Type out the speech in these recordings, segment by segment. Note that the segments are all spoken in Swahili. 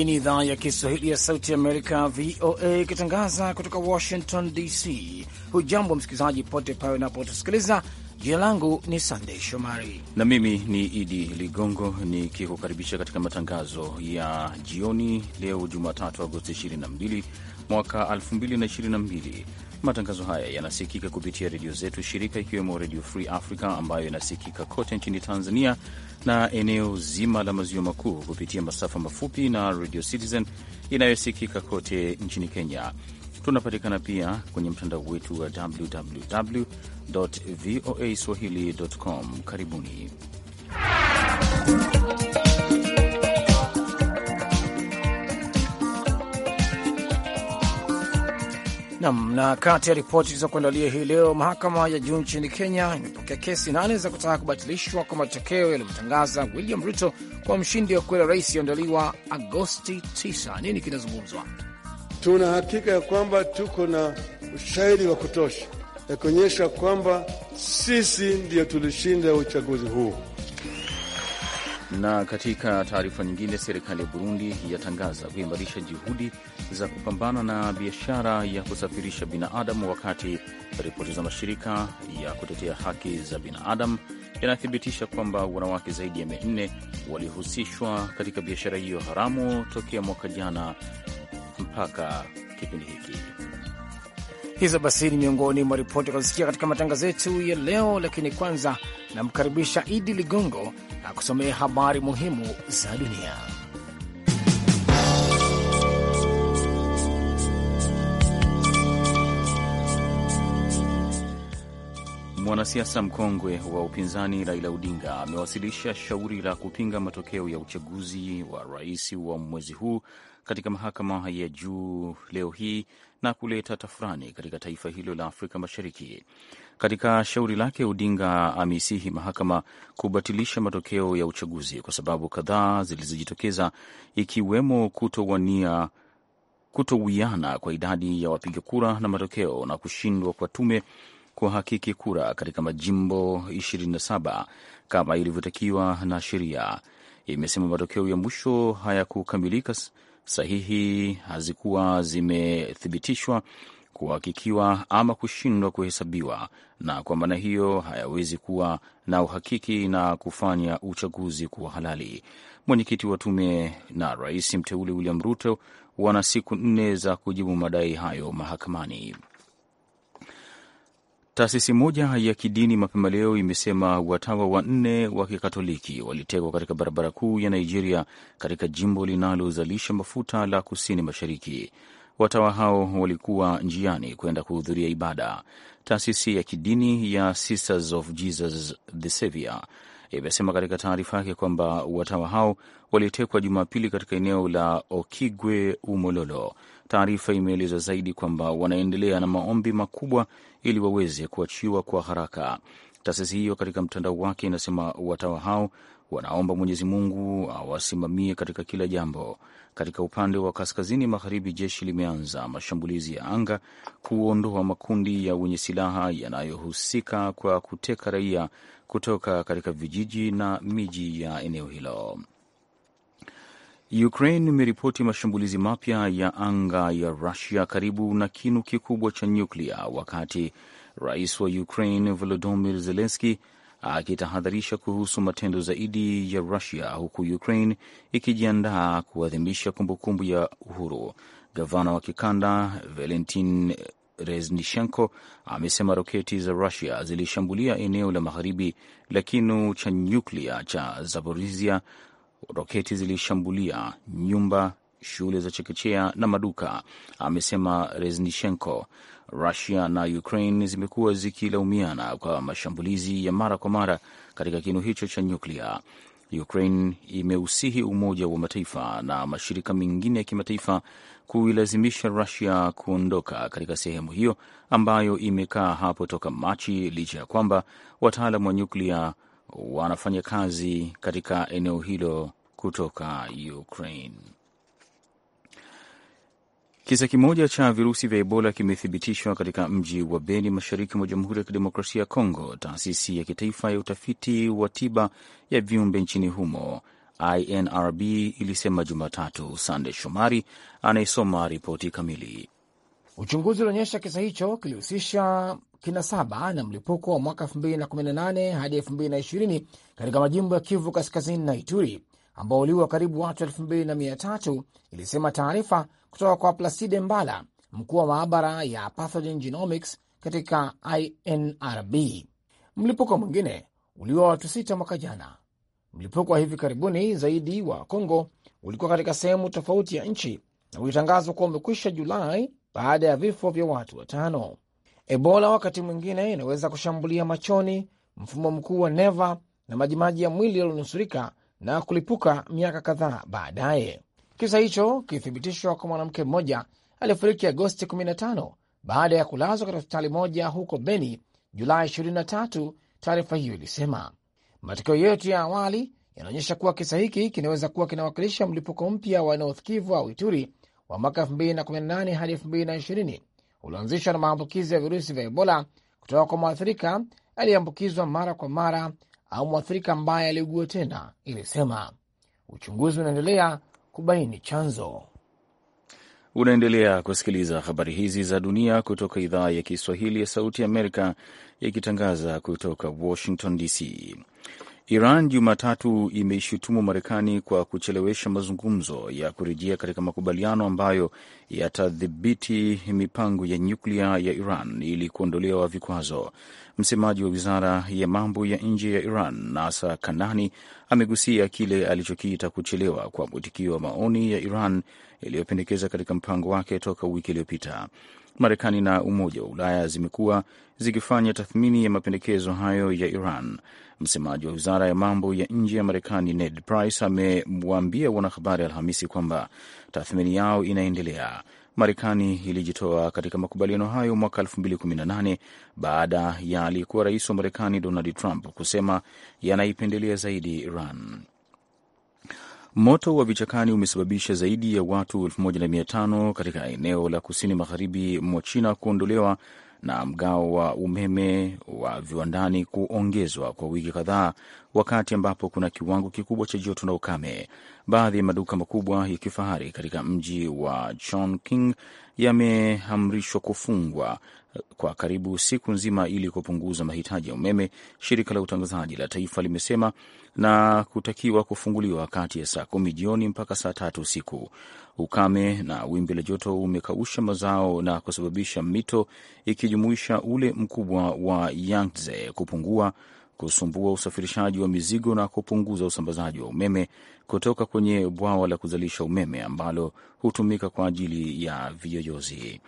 Hii ni idhaa ya Kiswahili ya Sauti Amerika, VOA, ikitangaza kutoka Washington DC. Hujambo msikilizaji pote pale unapotusikiliza. Jina langu ni Sandei Shomari na mimi ni Idi Ligongo nikikukaribisha katika matangazo ya jioni leo Jumatatu, Agosti 22 mwaka 2022 Matangazo haya yanasikika kupitia redio zetu shirika, ikiwemo Redio Free Africa ambayo inasikika kote nchini Tanzania na eneo zima la maziwa makuu kupitia masafa mafupi na Radio Citizen inayosikika kote nchini Kenya. Tunapatikana pia kwenye mtandao wetu wa www voa swahili com. Karibuni Nam na kati ya ripoti zilizokuandalia hii leo, mahakama ya juu nchini Kenya imepokea kesi nane za kutaka kubatilishwa kwa matokeo yaliyomtangaza William Ruto kwa mshindi wa kweli rais iandaliwa Agosti 9. Nini kinazungumzwa? Tuna hakika ya kwamba tuko na ushahidi wa kutosha ya kuonyesha kwamba sisi ndiyo tulishinda uchaguzi huu. Na katika taarifa nyingine, serikali ya Burundi yatangaza kuimarisha juhudi za kupambana na biashara ya kusafirisha binadamu, wakati ripoti za mashirika ya kutetea haki za binadamu yanathibitisha kwamba wanawake zaidi ya mia nne walihusishwa katika biashara hiyo haramu tokea mwaka jana mpaka kipindi hiki. Hizo basi ni miongoni mwa ripoti akazisikia katika matangazo yetu ya leo, lakini kwanza namkaribisha Idi Ligongo kusomea habari muhimu za dunia. Mwanasiasa mkongwe wa upinzani Raila Odinga amewasilisha shauri la kupinga matokeo ya uchaguzi wa rais wa mwezi huu katika mahakama ya juu leo hii na kuleta tafurani katika taifa hilo la Afrika Mashariki. Katika shauri lake, Odinga ameisihi mahakama kubatilisha matokeo ya uchaguzi kwa sababu kadhaa zilizojitokeza, ikiwemo kutowania kutowiana kwa idadi ya wapiga kura na matokeo na kushindwa kwa tume kuhakiki kura katika majimbo 27 kama ilivyotakiwa na sheria. Imesema matokeo ya mwisho hayakukamilika sahihi, hazikuwa zimethibitishwa kuhakikiwa ama kushindwa kuhesabiwa, na kwa maana hiyo hayawezi kuwa na uhakiki na kufanya uchaguzi kuwa halali. Mwenyekiti wa tume na rais mteule William Ruto wana siku nne za kujibu madai hayo mahakamani. Taasisi moja ya kidini mapema leo imesema watawa wanne wa Kikatoliki walitekwa katika barabara kuu ya Nigeria katika jimbo linalozalisha mafuta la kusini mashariki. Watawa hao walikuwa njiani kwenda kuhudhuria ibada. Taasisi ya kidini ya Sisters of Jesus the Savior imesema katika taarifa yake kwamba watawa hao walitekwa Jumapili katika eneo la Okigwe Umololo. Taarifa imeeleza zaidi kwamba wanaendelea na maombi makubwa ili waweze kuachiwa kwa haraka. Taasisi hiyo katika mtandao wake inasema watawa hao wanaomba Mwenyezi Mungu awasimamie katika kila jambo. Katika upande wa kaskazini magharibi, jeshi limeanza mashambulizi ya anga kuondoa makundi ya wenye silaha yanayohusika kwa kuteka raia kutoka katika vijiji na miji ya eneo hilo. Ukraine imeripoti mashambulizi mapya ya anga ya Rusia karibu na kinu kikubwa cha nyuklia, wakati rais wa Ukraine Volodymyr Zelensky akitahadharisha kuhusu matendo zaidi ya Rusia, huku Ukraine ikijiandaa kuadhimisha kumbukumbu ya uhuru. Gavana wa kikanda Valentin Reznishenko amesema roketi za Rusia zilishambulia eneo la magharibi la kinu cha nyuklia cha Zaporizhia. Roketi zilishambulia nyumba, shule za chekechea na maduka, amesema Reznishenko. Rusia na Ukraine zimekuwa zikilaumiana kwa mashambulizi ya mara kwa mara katika kinu hicho cha nyuklia. Ukraine imeusihi Umoja wa Mataifa na mashirika mengine ya kimataifa kuilazimisha Rusia kuondoka katika sehemu hiyo ambayo imekaa hapo toka Machi, licha ya kwamba wataalam wa nyuklia wanafanya kazi katika eneo hilo kutoka Ukraine. Kisa kimoja cha virusi vya Ebola kimethibitishwa katika mji wa Beni, mashariki mwa Jamhuri ya Kidemokrasia ya Kongo. Taasisi ya kitaifa ya utafiti wa tiba ya viumbe nchini humo INRB ilisema Jumatatu. Sande Shomari anayesoma ripoti kamili. Uchunguzi ulionyesha kisa hicho kilihusisha kinasaba na mlipuko wa mwaka 2018 hadi 2020 katika majimbo ya Kivu Kaskazini na Ituri ambao waliua karibu watu elfu mbili na mia tatu, ilisema taarifa kutoka kwa Placide Mbala, mkuu wa maabara ya Pathogen Genomics katika INRB. Mlipuko mwingine uliua watu sita mwaka jana. Mlipuko wa hivi karibuni zaidi wa congo ulikuwa katika sehemu tofauti ya nchi na ulitangazwa kuwa umekwisha Julai baada ya vifo vya watu watano. Ebola wakati mwingine inaweza kushambulia machoni, mfumo mkuu wa neva na majimaji ya mwili yaliyonusurika na kulipuka miaka kadhaa baadaye. Kisa hicho kilithibitishwa kwa mwanamke mmoja aliyefariki Agosti 15 baada ya kulazwa katika hospitali moja huko Beni Julai 23, taarifa hiyo ilisema. Matokeo yetu ya awali yanaonyesha kuwa kisa hiki kinaweza kuwa kinawakilisha mlipuko mpya wa eneo au Ituri wa mwaka 2018 hadi 2020 ulioanzishwa na maambukizi ya virusi vya Ebola kutoka kwa mwathirika aliyeambukizwa mara kwa mara au mwathirika ambaye aliugua tena, ilisema. Uchunguzi unaendelea kubaini chanzo. Unaendelea kusikiliza habari hizi za dunia kutoka idhaa ya Kiswahili ya Sauti ya Amerika, ikitangaza kutoka Washington DC. Iran Jumatatu imeishutumu Marekani kwa kuchelewesha mazungumzo ya kurejea katika makubaliano ambayo yatadhibiti mipango ya nyuklia ya Iran ili kuondolewa vikwazo. Msemaji wa wizara ya mambo ya nje ya Iran, Nasa Kanani, amegusia kile alichokiita kuchelewa kwa mwitikio wa maoni ya Iran iliyopendekeza katika mpango wake toka wiki iliyopita. Marekani na Umoja wa Ulaya zimekuwa zikifanya tathmini ya mapendekezo hayo ya Iran. Msemaji wa wizara ya mambo ya nje ya Marekani Ned Price amewaambia wanahabari Alhamisi kwamba tathmini yao inaendelea. Marekani ilijitoa katika makubaliano hayo mwaka 2018 baada ya aliyekuwa rais wa Marekani Donald Trump kusema yanaipendelea zaidi Iran. Moto wa vichakani umesababisha zaidi ya watu 1500 katika eneo la kusini magharibi mwa China kuondolewa na mgao wa umeme wa viwandani kuongezwa kwa wiki kadhaa, wakati ambapo kuna kiwango kikubwa cha joto na ukame. Baadhi ya maduka makubwa ya kifahari katika mji wa Chongqing yameamrishwa kufungwa kwa karibu siku nzima ili kupunguza mahitaji ya umeme, shirika la utangazaji la taifa limesema, na kutakiwa kufunguliwa kati ya saa kumi jioni mpaka saa tatu usiku. Ukame na wimbi la joto umekausha mazao na kusababisha mito ikijumuisha ule mkubwa wa Yangtze kupungua kusumbua usafirishaji wa mizigo na kupunguza usambazaji wa umeme kutoka kwenye bwawa la kuzalisha umeme ambalo hutumika kwa ajili ya viyoyozi.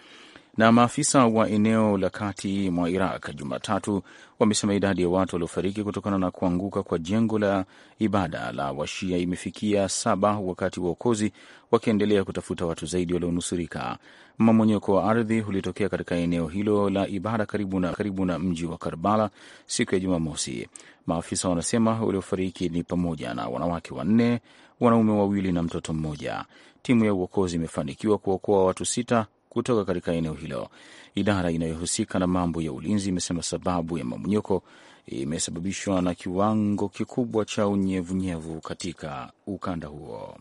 Na maafisa wa eneo la kati mwa Iraq Jumatatu wamesema idadi ya watu waliofariki kutokana na kuanguka kwa jengo la ibada la Washia imefikia saba, wakati waokozi wakiendelea kutafuta watu zaidi walionusurika. Mmomonyoko wa ardhi ulitokea katika eneo hilo la ibada karibu na, karibu na mji wa Karbala siku ya Jumamosi. Maafisa wanasema waliofariki ni pamoja na wanawake wanne, wanaume wawili na mtoto mmoja. Timu ya uokozi imefanikiwa kuokoa watu sita kutoka katika eneo hilo. Idara inayohusika na mambo ya ulinzi imesema sababu ya mamonyoko imesababishwa na kiwango kikubwa cha unyevunyevu katika ukanda huo.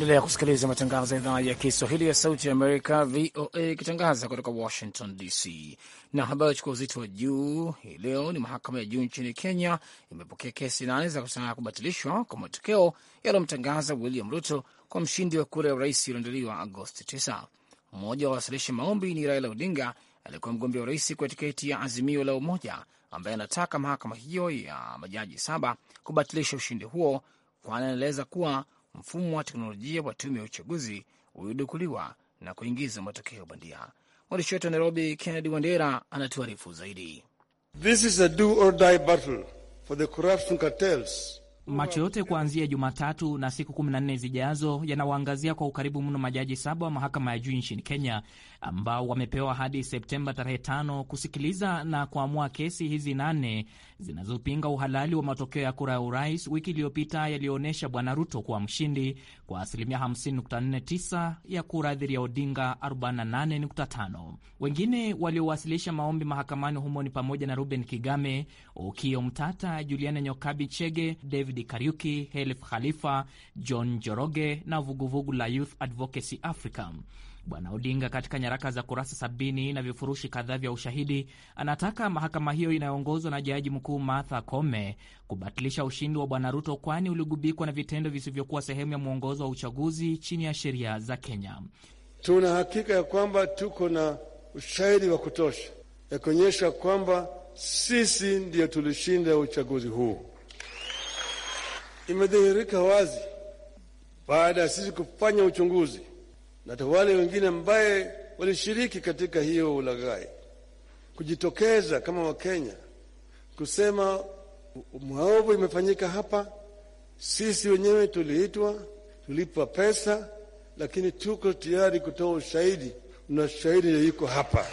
Endelea kusikiliza matangazo ya idhaa ya Kiswahili ya Sauti ya Amerika, VOA, ikitangaza kutoka Washington DC. Na habari chukua uzito wa juu hii leo ni mahakama ya juu nchini Kenya imepokea kesi nane za kutaka kubatilishwa kwa matokeo yaliyomtangaza William Ruto kwa mshindi wa kura ya urais iliyoandaliwa Agosti 9. Mmoja wa wasilishi maombi ni Raila Odinga, aliyekuwa mgombea wa urais kwa tiketi ya Azimio la Umoja, ambaye anataka mahakama hiyo ya majaji saba kubatilisha ushindi huo, kwani anaeleza kuwa mfumo wa teknolojia wa tume ya uchaguzi uliodukuliwa na kuingiza matokeo bandia. Mwandishi wetu wa Nairobi, Kennedy Wandera, anatuarifu zaidi. This is a do or die battle for the corruption cartels. Macho yote kuanzia Jumatatu na siku kumi na nne zijazo yanawaangazia kwa ukaribu mno majaji saba wa mahakama ya juu nchini Kenya ambao wamepewa hadi Septemba tarehe tano kusikiliza na kuamua kesi hizi nane zinazopinga uhalali wa matokeo ya kura ya urais wiki iliyopita yaliyoonyesha Bwana Ruto kuwa mshindi kwa asilimia 50.49 ya kura dhidi ya Odinga 48.5. Wengine waliowasilisha maombi mahakamani humo ni pamoja na Ruben Kigame, Okio Mtata, Juliana Nyokabi Chege, David Saidi Kariuki, Helif Khalifa, John Joroge na vuguvugu la Youth Advocacy Africa. Bwana Odinga katika nyaraka za kurasa sabini na vifurushi kadhaa vya ushahidi anataka mahakama hiyo inayoongozwa na jaji mkuu Martha Koome kubatilisha ushindi wa Bwana Ruto, kwani uligubikwa na vitendo visivyokuwa sehemu ya mwongozo wa uchaguzi chini ya sheria za Kenya. Tuna hakika ya kwamba tuko na ushahidi wa kutosha ya kuonyesha kwamba sisi ndiyo tulishinda uchaguzi huu imedhihirika wazi baada ya sisi kufanya uchunguzi na wale wengine ambaye walishiriki katika hiyo ulaghai kujitokeza kama Wakenya kusema mwaovu imefanyika hapa. Sisi wenyewe tuliitwa, tulipwa pesa, lakini tuko tayari kutoa ushahidi na shahidi iko hapa.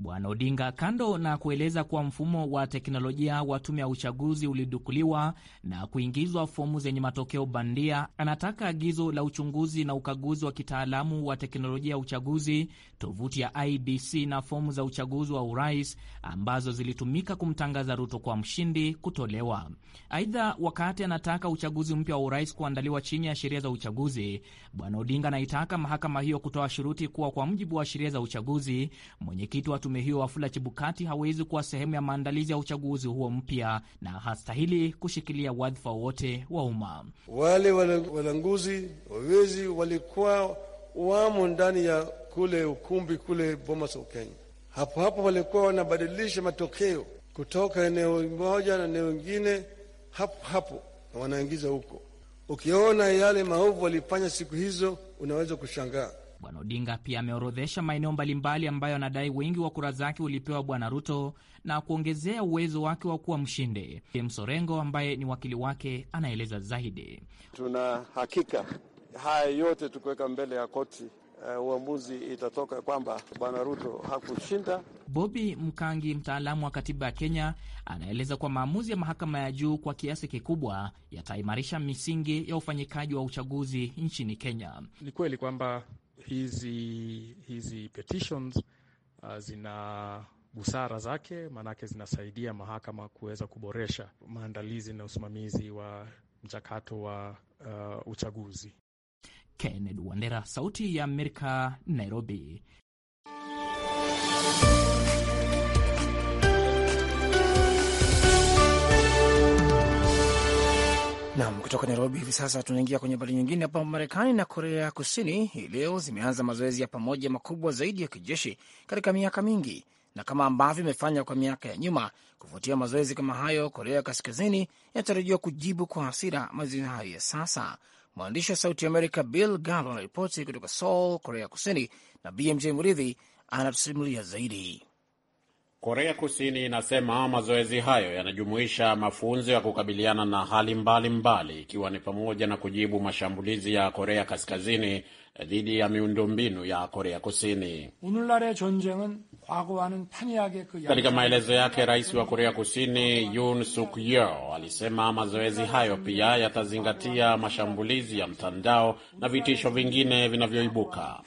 Bwana Odinga, kando na kueleza kuwa mfumo wa teknolojia wa tume ya uchaguzi ulidukuliwa na kuingizwa fomu zenye matokeo bandia, anataka agizo la uchunguzi na ukaguzi wa kitaalamu wa teknolojia ya uchaguzi tovuti ya IBC na fomu za uchaguzi wa urais ambazo zilitumika kumtangaza Ruto kwa mshindi kutolewa. Aidha, wakati anataka uchaguzi mpya wa urais kuandaliwa chini ya sheria za uchaguzi, Bwana Odinga anaitaka mahakama hiyo kutoa shuruti kuwa kwa mujibu wa sheria za uchaguzi, mwenyekiti wa tume hiyo Wafula chibukati hawezi kuwa sehemu ya maandalizi ya uchaguzi huo mpya na hastahili kushikilia wadhifa wote wa umma. Wale walanguzi wawezi walikuwa wamo ndani ya kule ukumbi kule Bomas of Kenya. Hapo hapo walikuwa wanabadilisha matokeo kutoka eneo moja na eneo ingine, hapo hapo na wanaingiza huko. Ukiona yale maovu walifanya siku hizo, unaweza kushangaa. Bwana Odinga pia ameorodhesha maeneo mbalimbali ambayo anadai wengi wa kura zake ulipewa Bwana Ruto na kuongezea uwezo wake wa kuwa mshinde James Orengo ambaye ni wakili wake anaeleza zaidi. Tuna hakika haya yote tukiweka mbele ya koti Eh, uamuzi uh, itatoka kwamba bwana Ruto hakushinda. Bobi Mkangi, mtaalamu wa katiba ya Kenya, anaeleza kuwa maamuzi ya mahakama ya juu kwa kiasi kikubwa yataimarisha misingi ya ufanyikaji wa uchaguzi nchini Kenya. Ni kweli kwamba hizi, hizi petitions uh, zina busara zake, maanake zinasaidia mahakama kuweza kuboresha maandalizi na usimamizi wa mchakato wa uh, uchaguzi. Kennedy Wandera, Sauti ya Amerika, Nairobi. Nam, kutoka Nairobi hivi sasa tunaingia kwenye habari nyingine. Hapa Marekani na Korea Kusini hii leo zimeanza mazoezi ya pamoja makubwa zaidi ya kijeshi katika miaka mingi, na kama ambavyo imefanya kwa miaka ya nyuma. Kufuatia mazoezi kama hayo, Korea Kaskazini inatarajiwa kujibu kwa hasira mazoezi hayo ya sasa, Mwandishi wa Sauti Amerika Bill Gallo anaripoti kutoka Seoul, Korea Kusini, na BMJ Muridhi anatusimulia zaidi. Korea Kusini inasema mazoezi hayo yanajumuisha mafunzo ya kukabiliana na hali mbalimbali, ikiwa mbali ni pamoja na kujibu mashambulizi ya Korea Kaskazini dhidi ya miundombinu ya Korea Kusini. Katika maelezo yake, rais wa Korea Kusini Yoon Suk Yeol alisema mazoezi hayo pia yatazingatia mashambulizi ya mtandao na vitisho vingine vinavyoibuka.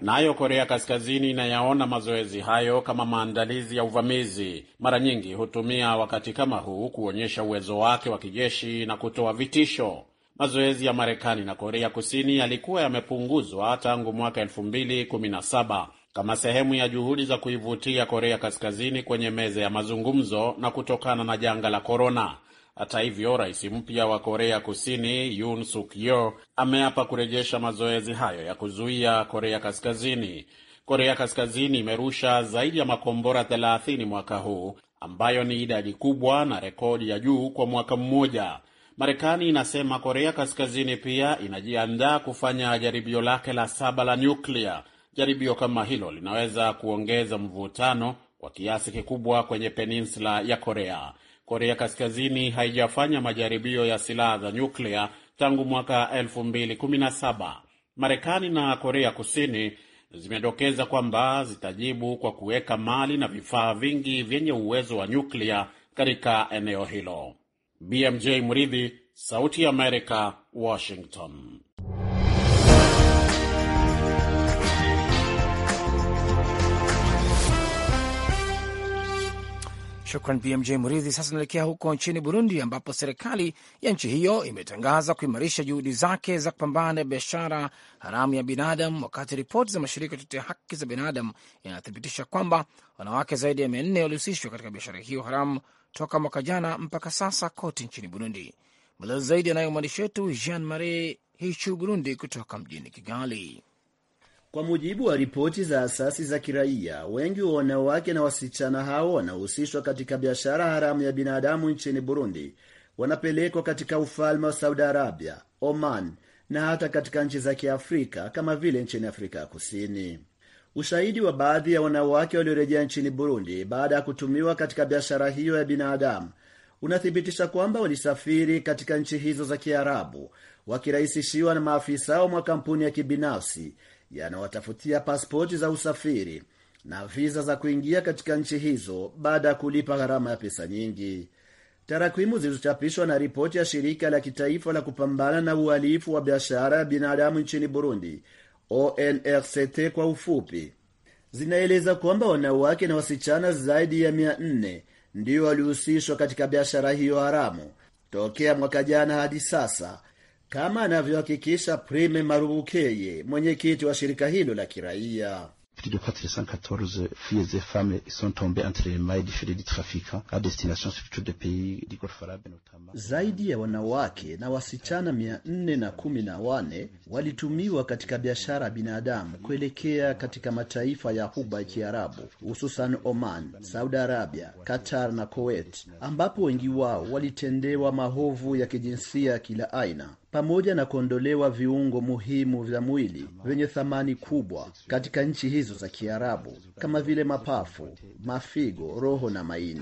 Nayo Korea Kaskazini inayaona mazoezi hayo kama maandalizi ya uvamizi. Mara nyingi hutumia wakati kama huu kuonyesha uwezo wake wa kijeshi na kutoa vitisho. Mazoezi ya Marekani na Korea Kusini yalikuwa yamepunguzwa tangu mwaka 2017 kama sehemu ya juhudi za kuivutia Korea Kaskazini kwenye meza ya mazungumzo na kutokana na janga la korona. Hata hivyo, rais mpya wa Korea Kusini Yoon Suk Yeol ameapa kurejesha mazoezi hayo ya kuzuia Korea Kaskazini. Korea Kaskazini imerusha zaidi ya makombora 30 mwaka huu ambayo ni idadi kubwa na rekodi ya juu kwa mwaka mmoja. Marekani inasema Korea Kaskazini pia inajiandaa kufanya jaribio lake la saba la nyuklia. Jaribio kama hilo linaweza kuongeza mvutano kwa kiasi kikubwa kwenye peninsula ya Korea. Korea Kaskazini haijafanya majaribio ya silaha za nyuklia tangu mwaka 2017. Marekani na Korea Kusini zimedokeza kwamba zitajibu kwa kuweka mali na vifaa vingi vyenye uwezo wa nyuklia katika eneo hilo. BMJ Mridhi, Sauti ya Amerika, Washington. Shukran BMJ Mridhi. Sasa inaelekea huko nchini Burundi, ambapo serikali ya nchi hiyo imetangaza kuimarisha juhudi zake za kupambana na biashara haramu ya binadamu, wakati ripoti za mashirika ya haki za binadamu yanathibitisha kwamba wanawake zaidi ya mia nne walihusishwa katika biashara hiyo haramu, toka mwaka jana mpaka sasa kote nchini Burundi. Maelezo zaidi anayo mwandishi wetu Jean Marie Hichu Burundi kutoka mjini Kigali. Kwa mujibu wa ripoti za asasi za kiraia, wengi wa wanawake na wasichana hao wanahusishwa katika biashara haramu ya binadamu nchini Burundi wanapelekwa katika ufalme wa Saudi Arabia, Oman na hata katika nchi za Kiafrika kama vile nchini Afrika ya Kusini. Ushahidi wa baadhi ya wanawake waliorejea nchini Burundi baada ya kutumiwa katika biashara hiyo ya binadamu unathibitisha kwamba walisafiri katika nchi hizo za Kiarabu wakirahisishiwa na maafisa wa makampuni ya kibinafsi yanawatafutia pasipoti za usafiri na viza za kuingia katika nchi hizo baada ya kulipa gharama ya pesa nyingi. Tarakwimu zilizochapishwa na ripoti ya shirika la kitaifa la kupambana na uhalifu wa biashara ya binadamu nchini Burundi ONRCT kwa ufupi, zinaeleza kwamba wanawake na wasichana zaidi ya mia nne ndiyo walihusishwa katika biashara hiyo haramu tokea mwaka jana hadi sasa, kama anavyohakikisha Prime Marubukeye, mwenyekiti wa shirika hilo la kiraia plus de 414 filles et femmes sont tombées entre les mailles du filet du trafika à destination surtout des pays du Golfe Arabe notamment. Zaidi ya wanawake na wasichana 414 walitumiwa katika biashara binadamu kuelekea katika mataifa ya huba ya Kiarabu hususan Oman, Saudi Arabia, Qatar na Kuwait ambapo wengi wao walitendewa mahovu ya kijinsia kila aina pamoja na kuondolewa viungo muhimu vya mwili vyenye thamani kubwa katika nchi hizo za Kiarabu kama vile mapafu, mafigo, roho na maini.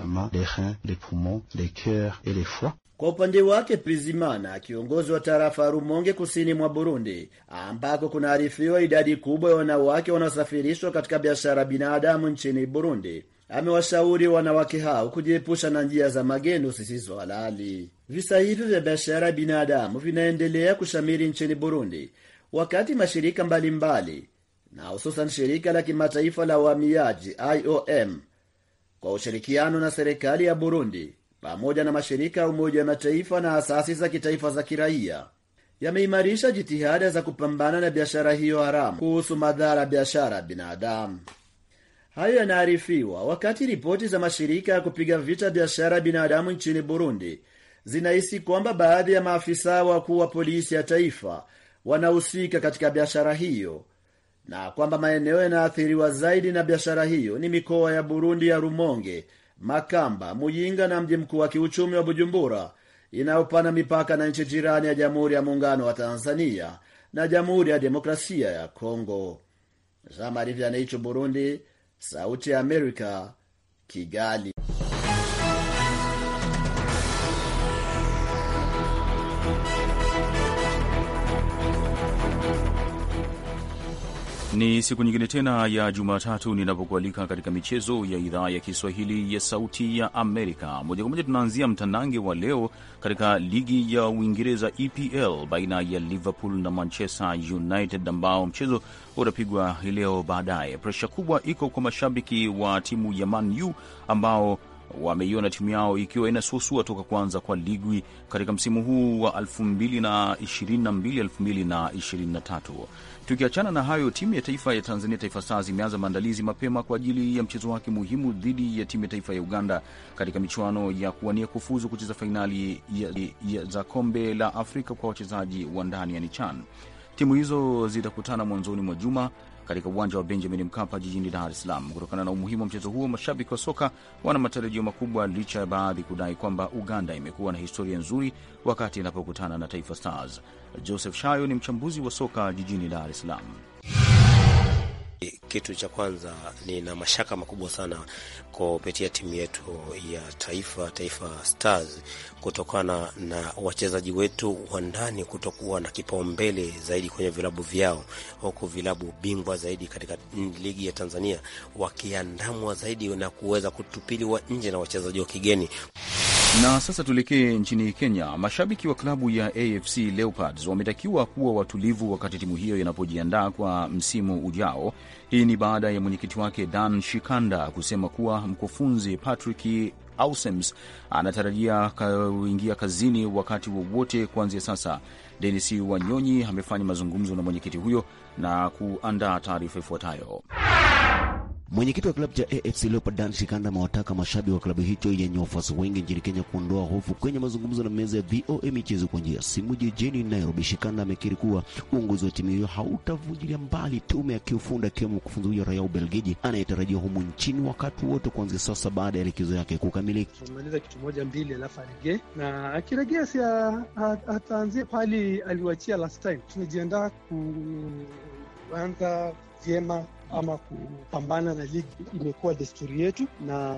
Kwa upande wake Prizimana, kiongozi wa tarafa ya Rumonge kusini mwa Burundi, ambako kunaarifiwa idadi kubwa ya wanawake wanaosafirishwa katika biashara ya binadamu nchini Burundi, amewashauri wanawake hao kujiepusha na njia za magendo zisizo halali. Visa hivyo vya biashara ya binadamu vinaendelea kushamiri nchini Burundi, wakati mashirika mbalimbali mbali, na hususan shirika la kimataifa la uhamiaji IOM kwa ushirikiano na serikali ya Burundi pamoja na mashirika ya Umoja wa Mataifa na asasi za kitaifa za kiraia yameimarisha jitihada za kupambana na biashara hiyo haramu. Kuhusu madhara ya biashara ya binadamu Hayo yanaarifiwa wakati ripoti za mashirika ya kupiga vita biashara ya binadamu nchini Burundi zinahisi kwamba baadhi ya maafisa wakuu wa polisi ya taifa wanahusika katika biashara hiyo na kwamba maeneo yanayoathiriwa zaidi na biashara hiyo ni mikoa ya Burundi ya Rumonge, Makamba, Muyinga na mji mkuu wa kiuchumi wa Bujumbura inayopana mipaka na nchi jirani ya Jamhuri ya Muungano wa Tanzania na Jamhuri ya Demokrasia ya Kongo. Burundi, Sauti ya Amerika, Kigali. Ni siku nyingine tena ya Jumatatu ninapokualika katika michezo ya idhaa ya Kiswahili ya Sauti ya Amerika. Moja kwa moja tunaanzia mtandange wa leo katika ligi ya Uingereza, EPL, baina ya Liverpool na Manchester United, ambao mchezo utapigwa leo baadaye. Presha kubwa iko kwa mashabiki wa timu ya Man U ambao wameiona timu yao ikiwa inasuasua toka kuanza kwa ligi katika msimu huu wa 2022 2023. Tukiachana na hayo, timu ya taifa ya Tanzania, Taifa Stars, imeanza maandalizi mapema kwa ajili ya mchezo wake muhimu dhidi ya timu ya taifa ya Uganda katika michuano ya kuwania kufuzu kucheza fainali za kombe la Afrika kwa wachezaji wa ndani, yani CHAN. Timu hizo zitakutana mwanzoni mwa juma katika uwanja wa Benjamin Mkapa jijini Dar es Salaam. Kutokana na umuhimu wa mchezo huo, mashabiki wa soka wana matarajio makubwa, licha ya baadhi kudai kwamba Uganda imekuwa na historia nzuri wakati inapokutana na Taifa Stars. Joseph Shayo ni mchambuzi wa soka jijini Dar es Salaam. Eh, kitu cha kwanza, nina mashaka makubwa sana kupitia timu yetu ya taifa Taifa Stars kutokana na wachezaji wetu wa ndani kutokuwa na kipaumbele zaidi kwenye vilabu vyao, huku vilabu bingwa zaidi katika ligi ya Tanzania wakiandamwa zaidi na kuweza kutupiliwa nje na wachezaji wa kigeni. Na sasa tuelekee nchini Kenya. Mashabiki wa klabu ya AFC Leopards wametakiwa kuwa watulivu wakati timu hiyo inapojiandaa kwa msimu ujao. Hii ni baada ya mwenyekiti wake Dan Shikanda kusema kuwa mkufunzi Patrick Ausems anatarajia kuingia kazini wakati wowote kuanzia sasa. Denis Wanyonyi amefanya mazungumzo na mwenyekiti huyo na kuandaa taarifa ifuatayo. Mwenyekiti wa klabu cha AFC Leopards Dan Shikanda amewataka mashabiki wa klabu hicho yenye wafuasi wengi nchini Kenya kuondoa hofu kwenye mazungumzo na meza ya VOA michezo kwa njia ya simu jijini Nairobi. Shikanda amekiri kuwa uongozi wa timu hiyo hautavunjilia mbali tume ya kiufundi, akiwemo mkufunzi huyo raia Ubelgiji anayetarajiwa humu nchini wakati wote kuanzia sasa, baada ya likizo yake kukamilika. Tumemaliza kitu moja mbili, alafu aregee na akiregea, si ataanzia pali aliwachia last time. Tunajiandaa kuanza vyema ama kupambana na ligi imekuwa desturi yetu, na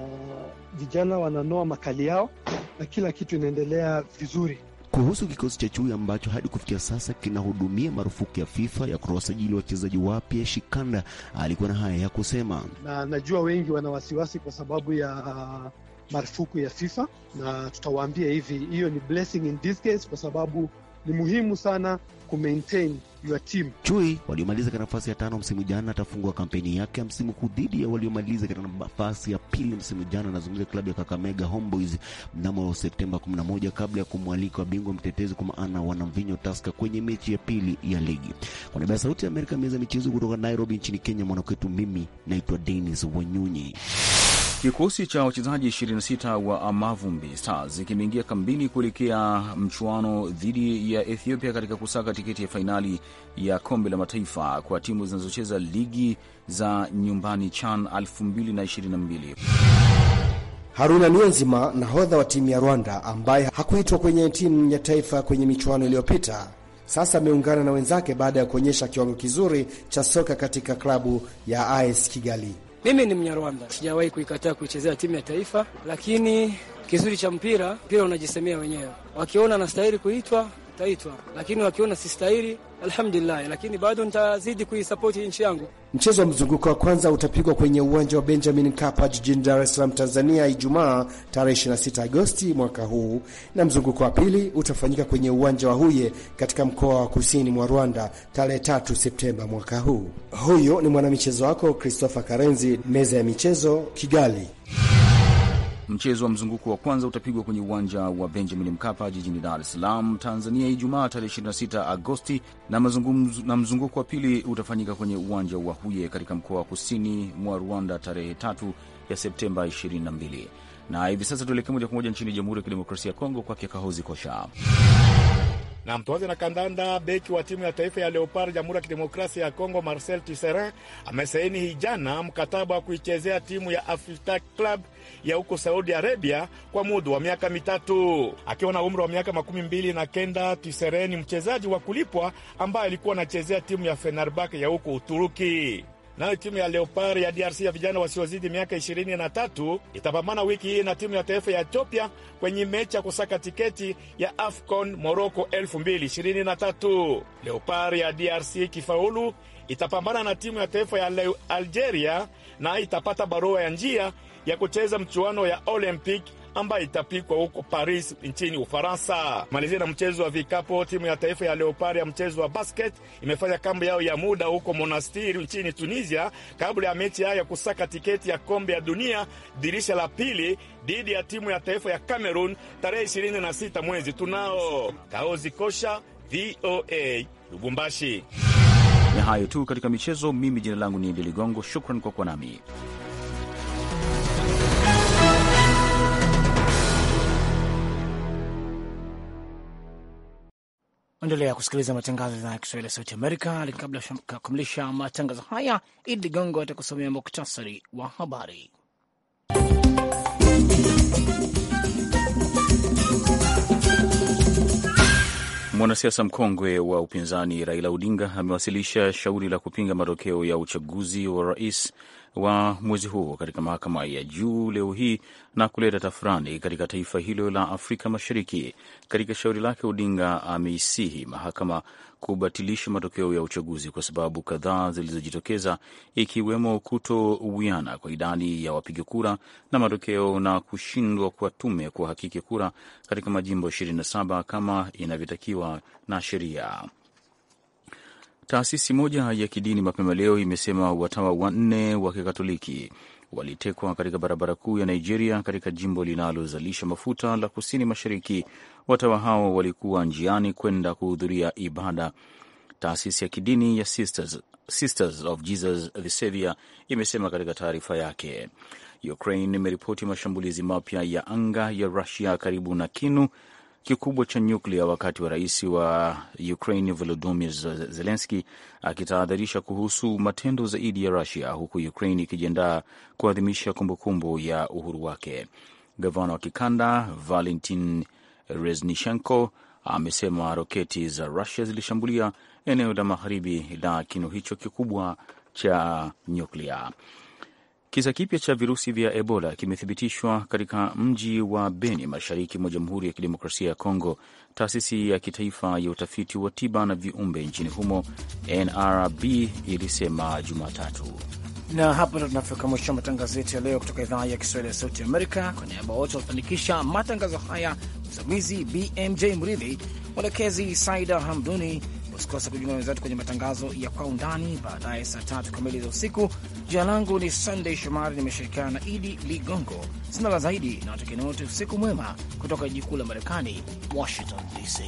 vijana wananoa makali yao na kila kitu inaendelea vizuri. Kuhusu kikosi cha chui ambacho hadi kufikia sasa kinahudumia marufuku ya FIFA ya kuwasajili wachezaji wapya, Shikanda alikuwa na haya ya kusema. Na najua wengi wana wasiwasi kwa sababu ya uh, marufuku ya FIFA, na tutawaambia hivi, hiyo ni blessing in disguise kwa sababu ni muhimu sana kumaintain your team. Chui waliomaliza katika nafasi ya tano msimu jana atafungua kampeni yake ya msimu huu dhidi ya waliomaliza katika nafasi ya pili msimu jana. Anazungumzia klabu ya Kakamega Homeboys mnamo Septemba 11 kabla ya kumwalika bingwa mtetezi kwa maana wanamvinyo Taska kwenye mechi ya pili ya ligi. Kwa niaba ya Sauti ya Amerika, meza michezo kutoka Nairobi nchini Kenya, mwanakwetu mimi naitwa Dennis Wanyunyi. Kikosi cha wachezaji 26 wa Amavumbi Stars kimeingia kambini kuelekea mchuano dhidi ya Ethiopia katika kusaka tiketi ya fainali ya kombe la mataifa kwa timu zinazocheza ligi za nyumbani CHAN 2022. Haruna Niyonzima, nahodha wa timu ya Rwanda ambaye hakuitwa kwenye timu ya taifa kwenye michuano iliyopita, sasa ameungana na wenzake baada ya kuonyesha kiwango kizuri cha soka katika klabu ya AS Kigali. Mimi ni Mnyarwanda, sijawahi kuikataa kuichezea timu ya taifa, lakini kizuri cha mpira, mpira unajisemea wenyewe. Wakiona anastahili kuitwa taitwa, lakini wakiona sistahili, alhamdulillah, lakini bado nitazidi kuisapoti nchi yangu. Mchezo wa mzunguko wa kwanza utapigwa kwenye uwanja wa Benjamin Mkapa jijini Dar es Salaam, Tanzania, Ijumaa tarehe 26 Agosti mwaka huu, na mzunguko wa pili utafanyika kwenye uwanja wa Huye katika mkoa wa kusini mwa Rwanda tarehe 3 Septemba mwaka huu. Huyo ni mwanamichezo wako Christopher Karenzi, meza ya michezo, Kigali. Mchezo wa mzunguko wa kwanza utapigwa kwenye uwanja wa Benjamin Mkapa jijini Dar es Salaam, Tanzania, Ijumaa tarehe 26 Agosti, na, na mzunguko wa pili utafanyika kwenye uwanja wa Huye katika mkoa wa kusini mwa Rwanda tarehe tatu ya Septemba 22. Na hivi sasa tuelekee moja kwa moja nchini Jamhuri ya Kidemokrasia ya Kongo, kwake Kahozi Kosha. Na mtoazi na kandanda beki wa timu ya taifa ya Leopard Jamhuri ya Kidemokrasia ya Kongo Marcel Tisserand amesaini hijana mkataba wa kuichezea timu ya Afrita Club ya huko Saudi Arabia kwa muda wa miaka mitatu. Akiwa na umri wa miaka makumi mbili na kenda, Tisserand ni mchezaji wa kulipwa ambaye alikuwa anachezea timu ya Fenerbahce ya huko Uturuki. Nayo timu ya Leopard ya DRC ya vijana wasiozidi miaka 23 itapambana wiki hii na timu ya taifa ya Ethiopia kwenye mechi ya kusaka tiketi ya AFCON Morocco 2023. Leopard ya DRC kifaulu itapambana na timu ya taifa ya Algeria na itapata barua ya njia ya kucheza mchuano ya Olympic ambayo itapikwa huko Paris nchini Ufaransa. Malizia na mchezo wa vikapo, timu ya taifa ya Leopard ya mchezo wa basket imefanya kambi yao ya muda huko Monastiri nchini Tunisia kabla ya mechi yao ya kusaka tiketi ya kombe ya dunia dirisha la pili dhidi ya timu ya taifa ya Cameroon tarehe 26 mwezi tunao. Kaozi Kosha, VOA, Lubumbashi. Ni hayo tu katika michezo. Mimi jina langu ni Idi Ligongo, shukran kwa kuwa nami. Endelea kusikiliza matangazo ya idhaa ya Kiswahili ya Sauti Amerika. Kabla ya kukamilisha matangazo haya, Idi Ligongo atakusomea muktasari wa habari. Mwanasiasa mkongwe wa upinzani Raila Odinga amewasilisha shauri la kupinga matokeo ya uchaguzi wa rais wa mwezi huo katika mahakama ya juu leo hii na kuleta tafurani katika taifa hilo la Afrika Mashariki. Katika shauri lake, Odinga ameisihi mahakama kubatilisha matokeo ya uchaguzi kwa sababu kadhaa zilizojitokeza ikiwemo kutowiana kwa idadi ya wapiga kura na matokeo na kushindwa kwa tume kuhakiki kura katika majimbo 27 kama inavyotakiwa na sheria. Taasisi moja ya kidini mapema leo imesema watawa wanne wa Kikatoliki walitekwa katika barabara kuu ya Nigeria katika jimbo linalozalisha mafuta la Kusini Mashariki. Watawa hao walikuwa njiani kwenda kuhudhuria ibada. Taasisi ya kidini ya Sisters, Sisters of Jesus the Savior imesema katika taarifa yake. Ukraine imeripoti mashambulizi mapya ya anga ya Rusia karibu na Kinu kikubwa cha nyuklia, wakati wa rais wa Ukraine Volodymyr Zelensky akitahadharisha kuhusu matendo zaidi ya rasia huku Ukraine ikijiandaa kuadhimisha kumbukumbu ya uhuru wake. Gavana wa kikanda Valentin Reznishenko amesema roketi za rasia zilishambulia eneo la magharibi la kinu hicho kikubwa cha nyuklia. Kisa kipya cha virusi vya Ebola kimethibitishwa katika mji wa Beni, mashariki mwa Jamhuri ya Kidemokrasia ya Kongo. Taasisi ya kitaifa ya utafiti wa tiba na viumbe nchini humo NRB ilisema Jumatatu. Na hapa ndo tunafika mwisho wa matangazo yetu ya leo kutoka idhaa ya Kiswahili ya Sauti Amerika. Kwa niaba wote walifanikisha matangazo haya, msimamizi BMJ Mridhi, mwelekezi Saida Hamduni. Usikose kujiunga wenzetu kwenye matangazo ya kwa undani baadaye saa tatu kamili za usiku. Jina langu ni Sunday Shomari, nimeshirikiana na Idi Ligongo. Sina la zaidi na watakieni wote usiku mwema kutoka jiji kuu la Marekani, Washington DC.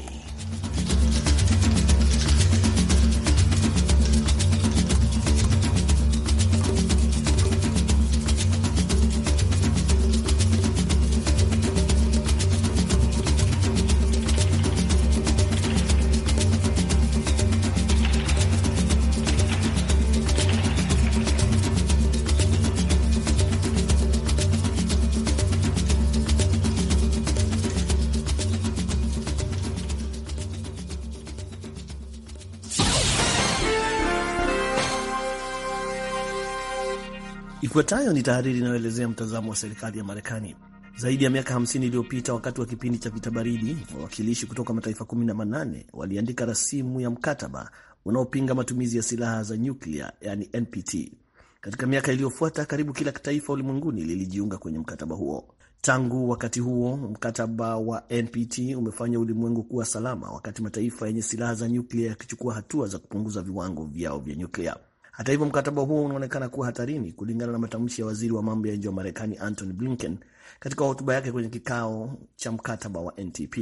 Ifuatayo ni tahariri inayoelezea mtazamo wa serikali ya Marekani. Zaidi ya miaka 50 iliyopita, wakati wa kipindi cha vita baridi, wawakilishi kutoka mataifa 18 waliandika rasimu ya mkataba unaopinga matumizi ya silaha za nyuklia, yani NPT. Katika miaka iliyofuata, karibu kila taifa ulimwenguni lilijiunga kwenye mkataba huo. Tangu wakati huo, mkataba wa NPT umefanya ulimwengu kuwa salama, wakati mataifa yenye silaha za nyuklia yakichukua hatua za kupunguza viwango vyao vya nyuklia. Hata hivyo, mkataba huo unaonekana kuwa hatarini kulingana na matamshi ya waziri wa mambo ya nje wa Marekani Antony Blinken katika hotuba yake kwenye kikao cha mkataba wa NTP.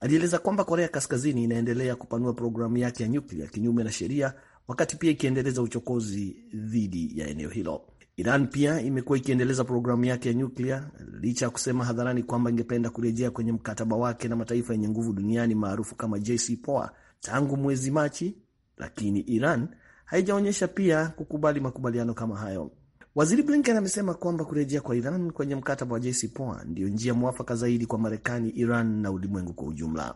Alieleza kwamba Korea Kaskazini inaendelea kupanua programu yake ya nyuklia kinyume na sheria, wakati pia ikiendeleza uchokozi dhidi ya eneo hilo. Iran pia imekuwa ikiendeleza programu yake ya nyuklia licha ya kusema hadharani kwamba ingependa kurejea kwenye mkataba wake na mataifa yenye nguvu duniani maarufu kama JCPOA tangu mwezi Machi, lakini Iran haijaonyesha pia kukubali makubaliano kama hayo. Waziri Blinken amesema kwamba kurejea kwa Iran kwenye mkataba wa JCPOA ndiyo njia mwafaka zaidi kwa Marekani, Iran na ulimwengu kwa ujumla.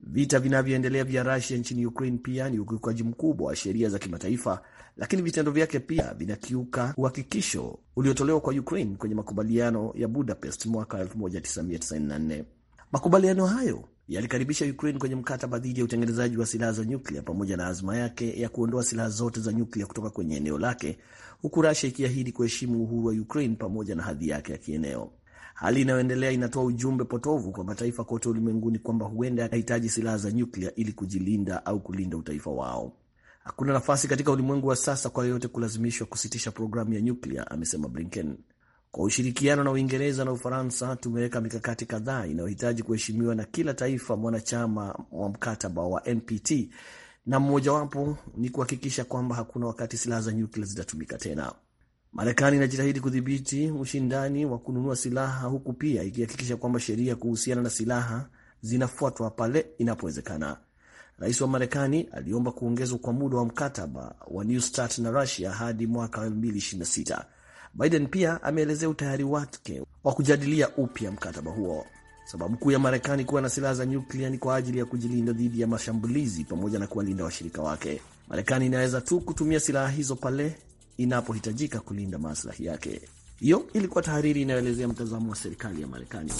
Vita vinavyoendelea vya Rusia nchini Ukraine pia ni ukiukaji mkubwa wa sheria za kimataifa, lakini vitendo vyake pia vinakiuka uhakikisho uliotolewa kwa Ukraine kwenye makubaliano ya Budapest mwaka 1994. Makubaliano hayo yalikaribisha Ukraine kwenye mkataba dhidi ya utengenezaji wa silaha za nyuklia pamoja na azma yake ya kuondoa silaha zote za nyuklia kutoka kwenye eneo lake, huku rasia ikiahidi kuheshimu uhuru wa Ukraine pamoja na hadhi yake ya kieneo. Hali inayoendelea inatoa ujumbe potovu kwa mataifa kote ulimwenguni kwamba huenda yanahitaji silaha za nyuklia ili kujilinda au kulinda utaifa wao. Hakuna nafasi katika ulimwengu wa sasa kwa yoyote kulazimishwa kusitisha programu ya nyuklia, amesema Blinken. Kwa ushirikiano na Uingereza na Ufaransa, tumeweka mikakati kadhaa inayohitaji kuheshimiwa na kila taifa mwanachama wa mkataba wa NPT, na mmojawapo ni kuhakikisha kwamba hakuna wakati silaha za nyuklia zitatumika tena. Marekani inajitahidi kudhibiti ushindani wa kununua silaha huku pia ikihakikisha kwamba sheria kuhusiana na silaha zinafuatwa pale inapowezekana. Rais wa Marekani aliomba kuongezwa kwa muda wa mkataba wa New START na Russia hadi mwaka 2026. Biden pia ameelezea utayari wake wa kujadilia upya mkataba huo. Sababu kuu ya Marekani kuwa na silaha za nyuklia ni kwa ajili ya kujilinda dhidi ya mashambulizi pamoja na kuwalinda washirika wake. Marekani inaweza tu kutumia silaha hizo pale inapohitajika kulinda maslahi yake. Hiyo ilikuwa tahariri inayoelezea mtazamo wa serikali ya Marekani.